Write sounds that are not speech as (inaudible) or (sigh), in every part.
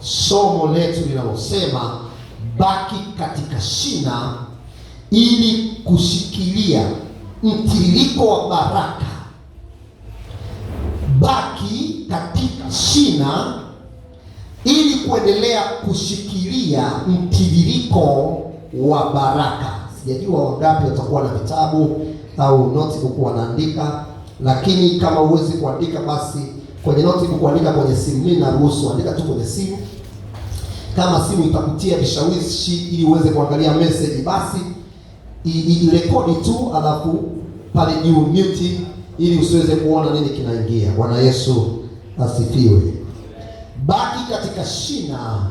somo letu linalosema baki katika shina ili kushikilia mtiririko wa baraka. Baki katika shina ili kuendelea kushikilia mtiririko wa baraka. Sijajua wangapi watakuwa na vitabu au notebook wanaandika, lakini kama huwezi kuandika basi kwenye notebook, kuandika kwenye simu. Mimi naruhusu andika tu kwenye simu. Kama simu itakutia vishawishi ili uweze kuangalia message, basi irekodi tu, alafu pale juu mute, ili usiweze kuona nini kinaingia. Bwana Yesu asifiwe. Baki katika shina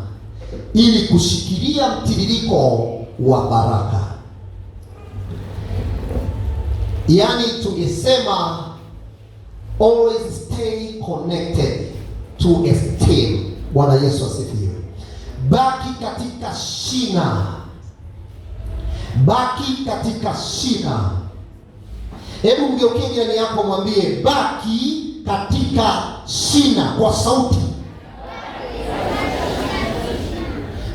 ili kushikilia mtiririko wa baraka, yaani tungesema always stay connected to a stem. Bwana Yesu asifiwe. Baki katika shina, baki katika shina. Hebu mgeukie jirani yako mwambie, baki katika shina kwa sauti.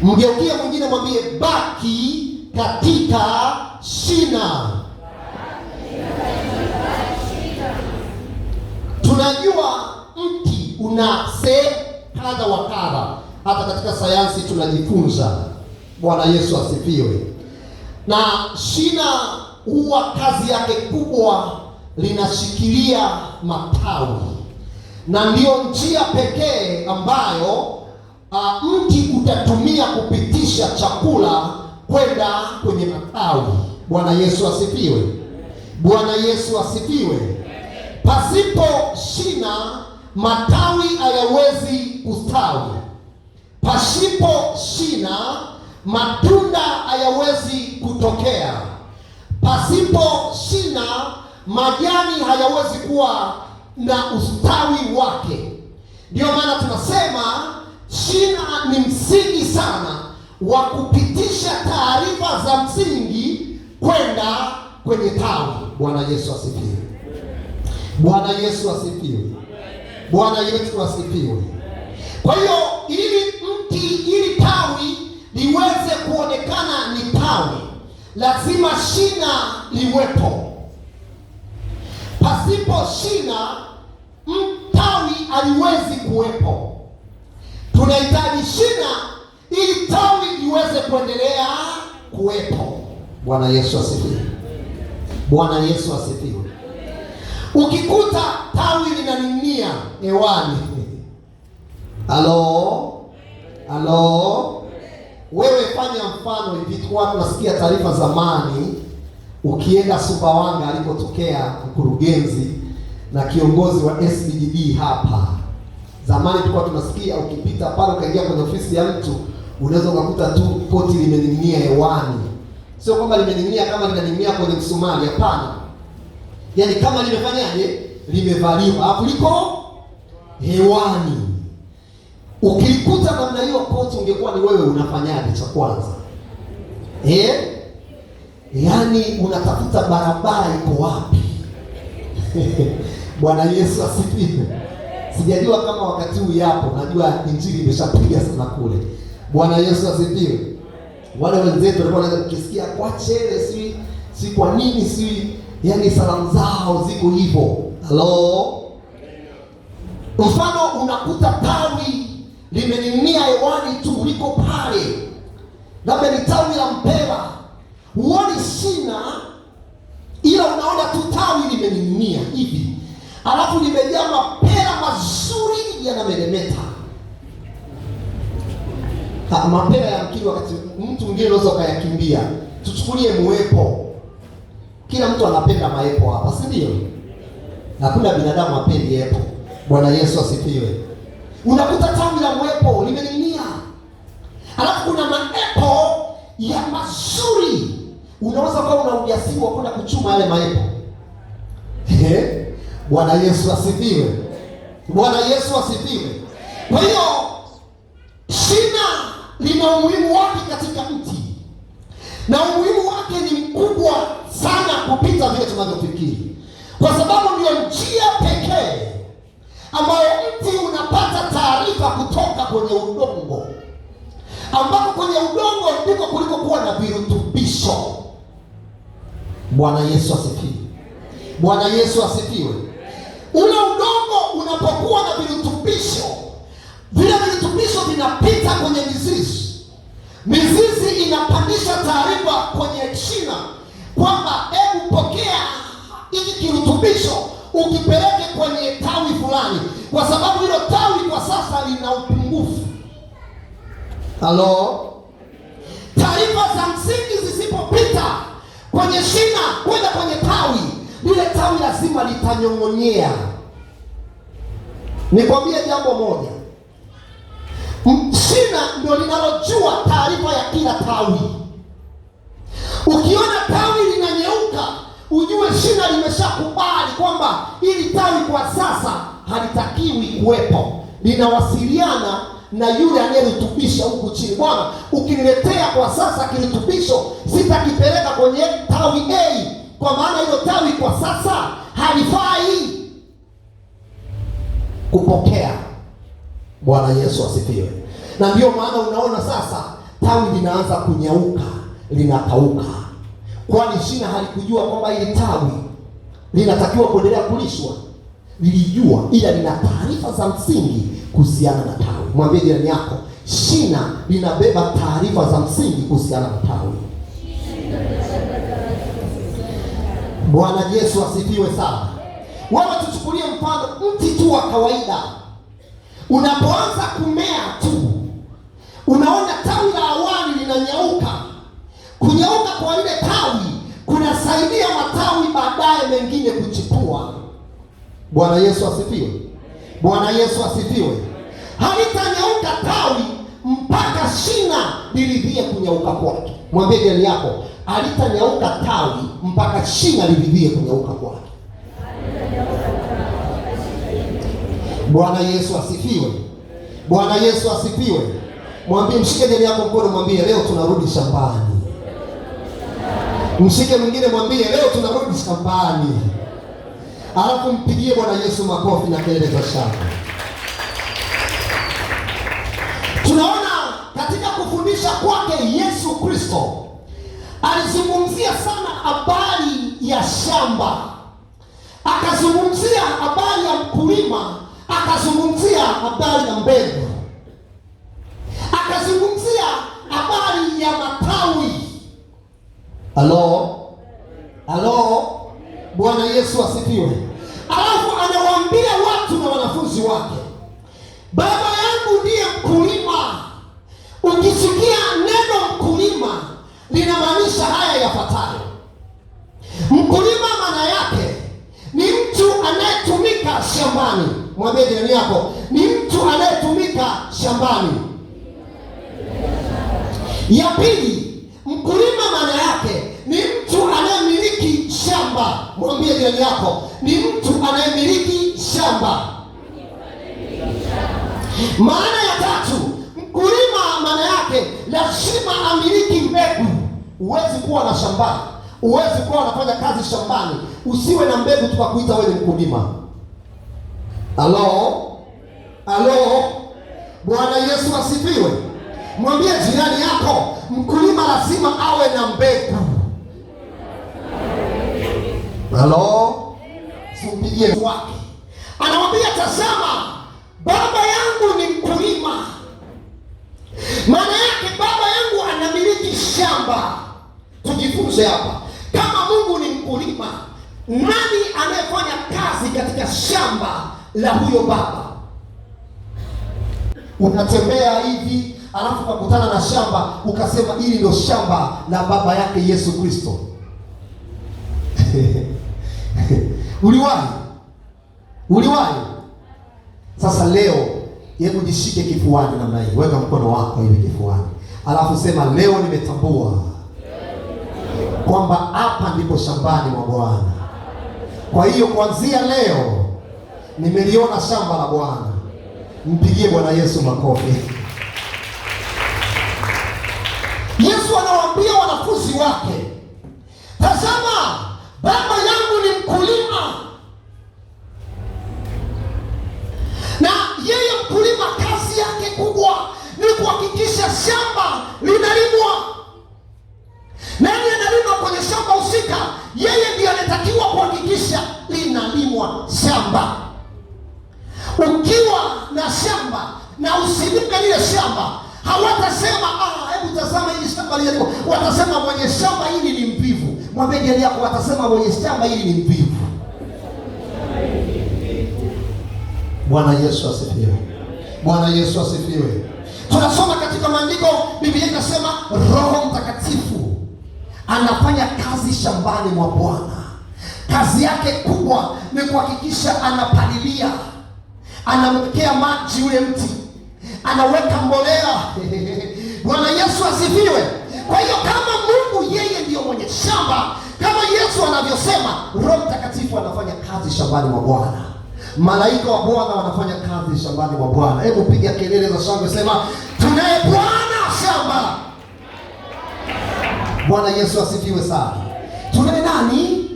Mgeukie mwingine mwambie, baki katika shina. Tunajua mti una seli kadha wa kadha, hata katika sayansi tunajifunza. Bwana Yesu asifiwe. Na shina huwa kazi yake kubwa, linashikilia matawi, na ndiyo njia pekee ambayo uh, mti utatumia kupitisha chakula kwenda kwenye matawi. Bwana Yesu asifiwe. Bwana Yesu asifiwe. Pasipo shina matawi hayawezi kustawi, pasipo shina matunda hayawezi kutokea, pasipo shina majani hayawezi kuwa na ustawi wake. Ndiyo maana tunasema shina ni msingi sana wa kupitisha taarifa za msingi kwenda kwenye tawi. Bwana Yesu asifiwe. Bwana Yesu asifiwe. Bwana Yesu asifiwe. Kwa hiyo ili mti ili tawi liweze kuonekana ni tawi, lazima shina liwepo. Pasipo shina mtawi haliwezi kuwepo. Tunahitaji shina ili tawi liweze kuendelea kuwepo. Bwana Yesu asifiwe. Bwana Yesu asifiwe. Ukikuta tawi linaning'inia hewani, halo halo, wewe fanya mfano hivi. Watu tunasikia taarifa zamani, ukienda Sumbawanga alipotokea mkurugenzi na kiongozi wa SBDB hapa zamani, tulikuwa tunasikia ukipita pale ukaingia kwenye ofisi ya mtu unaweza ukakuta tu poti limening'inia hewani. Sio kwamba limening'inia kama linaning'inia kwenye msumari, hapana yaani kama limefanyaje, limevaliwa, hapo liko hewani. Ukikuta namna hiyo koti, ungekuwa ni wewe, unafanyaje cha kwanza eh? Yaani unatafuta barabara iko wapi? (laughs) Bwana Yesu asifiwe. Sijajua kama wakati huu yapo, najua injili imeshapiga sana kule. Bwana Yesu asifiwe. Wale wenzetu walikuwa wanaweza kukisikia kwa chele, si si kwa nini si Yaani salamu zao ziko hivyo. Halo, mfano unakuta tawi limening'inia hewani tu, liko pale, labda ni tawi la mpera, huoni shina, ila unaona tu tawi limening'inia hivi, alafu limejaa mapera mazuri yanameremeta. Mapera ya mkili, wakati mtu mwingine unaweza ukayakimbia. Tuchukulie muwepo kila mtu anapenda maepo hapa, si ndio? Hakuna binadamu apendi epo. Bwana Yesu asifiwe. Unakuta tawi la mwepo limening'inia, alafu kuna maepo ya mazuri. Unaweza kuwa una ujasiri wa kwenda kuchuma yale maepo. Bwana Yesu asifiwe. Bwana Yesu asifiwe. Kwa hiyo shina lina umuhimu wapi katika mti? na umuhimu wake ni mkubwa sana kupita vile tunavyofikiri, kwa sababu ndio njia pekee ambayo mti unapata taarifa kutoka kwenye udongo, ambapo kwenye udongo ndiko kuliko kuwa na virutubisho. Bwana Yesu asifiwe! Bwana Yesu asifiwe! Ule udongo unapokuwa na virutubisho, vile virutubisho vinapita kwenye mizizi Mizizi inapandisha taarifa kwenye shina kwamba hebu pokea hiki kirutubisho ukipeleke kwenye tawi fulani, kwa sababu hilo tawi kwa sasa lina upungufu. Halo, taarifa za msingi zisipopita kwenye shina kwenda kwenye tawi, lile tawi lazima litanyong'onyea. Nikwambie jambo moja shina ndio linalojua taarifa ya kila tawi. Ukiona tawi linanyeuka, ujue shina limeshakubali kwamba ili tawi kwa sasa halitakiwi kuwepo, linawasiliana na yule anayerutubisha huku chini, bwana, ukiniletea kwa sasa kirutubisho sitakipeleka kwenye tawi A kwa maana hilo tawi kwa sasa halifai kupokea Bwana Yesu asifiwe. Na ndiyo maana unaona sasa tawi linaanza kunyauka, linakauka, kwani shina halikujua kwamba ile tawi linatakiwa kuendelea kulishwa. Lilijua, ila lina taarifa za msingi kuhusiana na tawi. Mwambie jirani yako, shina linabeba taarifa za msingi kuhusiana na tawi. Bwana Yesu asifiwe sana. Wewe tuchukulie mfano mti tu wa kawaida Unapoanza kumea tu unaona tawi la awali linanyauka. Kunyauka kwa ile tawi kunasaidia matawi baadaye mengine kuchipua. Bwana Yesu asifiwe! Bwana Yesu asifiwe! Halitanyauka tawi mpaka shina liridhie kunyauka kwake. Mwambie jirani yako, halitanyauka tawi mpaka shina liridhie kunyauka kwake. Bwana Yesu asifiwe. Bwana Yesu asifiwe. Mwambie, mshike jirani yako mkono, mwambie leo tunarudi shambani. Mshike mwingine, mwambie leo tunarudi shambani. Alafu mpigie Bwana Yesu makofi na kelele za shangwe. Tunaona katika kufundisha kwake Yesu Kristo alizungumzia sana habari ya shamba, akazungumzia habari ya mkulima akazungumzia habari ya mbegu, akazungumzia habari ya matawi. Halo, halo, Bwana Yesu asifiwe. Alafu anawaambia watu na wanafunzi wake Baba mwambie jirani yako, ni mtu anayetumika shambani. Ya pili, mkulima maana yake ni mtu anayemiliki shamba. Mwambie jirani yako, ni mtu anayemiliki shamba. Maana ya tatu, mkulima maana yake lazima amiliki mbegu. Huwezi kuwa na shamba, huwezi kuwa unafanya kazi shambani usiwe na mbegu tukakuita wewe ni mkulima. Halo, halo, Bwana Yesu asifiwe. Mwambie jirani yako, mkulima lazima awe na mbegu. Halo, simpigie wake, anamwambia tazama, baba yangu ni mkulima. Maana yake baba yangu anamiliki shamba. Tujifunze hapa, kama Mungu ni mkulima, nani anayefanya kazi katika shamba la huyo baba. Unatembea hivi alafu ukakutana na shamba ukasema hili ndio shamba la baba yake Yesu Kristo. (laughs) Uliwahi? Uliwahi? Sasa leo, hebu jishike kifuani namna hii, weka mkono wako hivi kifuani, alafu sema leo nimetambua kwamba hapa ndipo shambani mwa Bwana. Kwa hiyo kuanzia leo Nimeliona shamba la Bwana. Mpigie Bwana Yesu makofi. Yesu anawaambia wanafunzi wake, tazama, baba yangu ni mkulima na yeye mkulima Mwambie jirani yako, watasema mwenye shamba hili ni mvivu. Bwana Yesu asifiwe! Bwana Yesu asifiwe! Tunasoma katika maandiko, Biblia inasema Roho Mtakatifu anafanya kazi shambani mwa Bwana. Kazi yake kubwa ni kuhakikisha anapalilia, anamwekea maji yule mti, anaweka mbolea. (laughs) Bwana Yesu asifiwe! Kwa hiyo kama Mungu yeye ndiyo mwenye shamba, kama Yesu anavyosema, Roho Mtakatifu anafanya kazi shambani mwa Bwana, malaika wa Bwana wanafanya kazi shambani mwa Bwana. Hebu piga kelele za shangwe, sema tunaye Bwana shamba. Bwana Yesu asifiwe sana. Tunaye nani?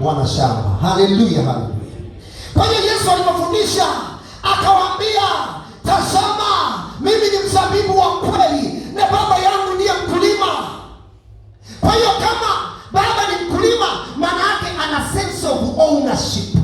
Bwana shamba. Haleluya, haleluya. Kwa hiyo Yesu alipofundisha akawaambia, tazama mimi ni mzabibu wa kweli na Baba yangu kwa hiyo kama baba ni mkulima, maana yake ana sense of ownership.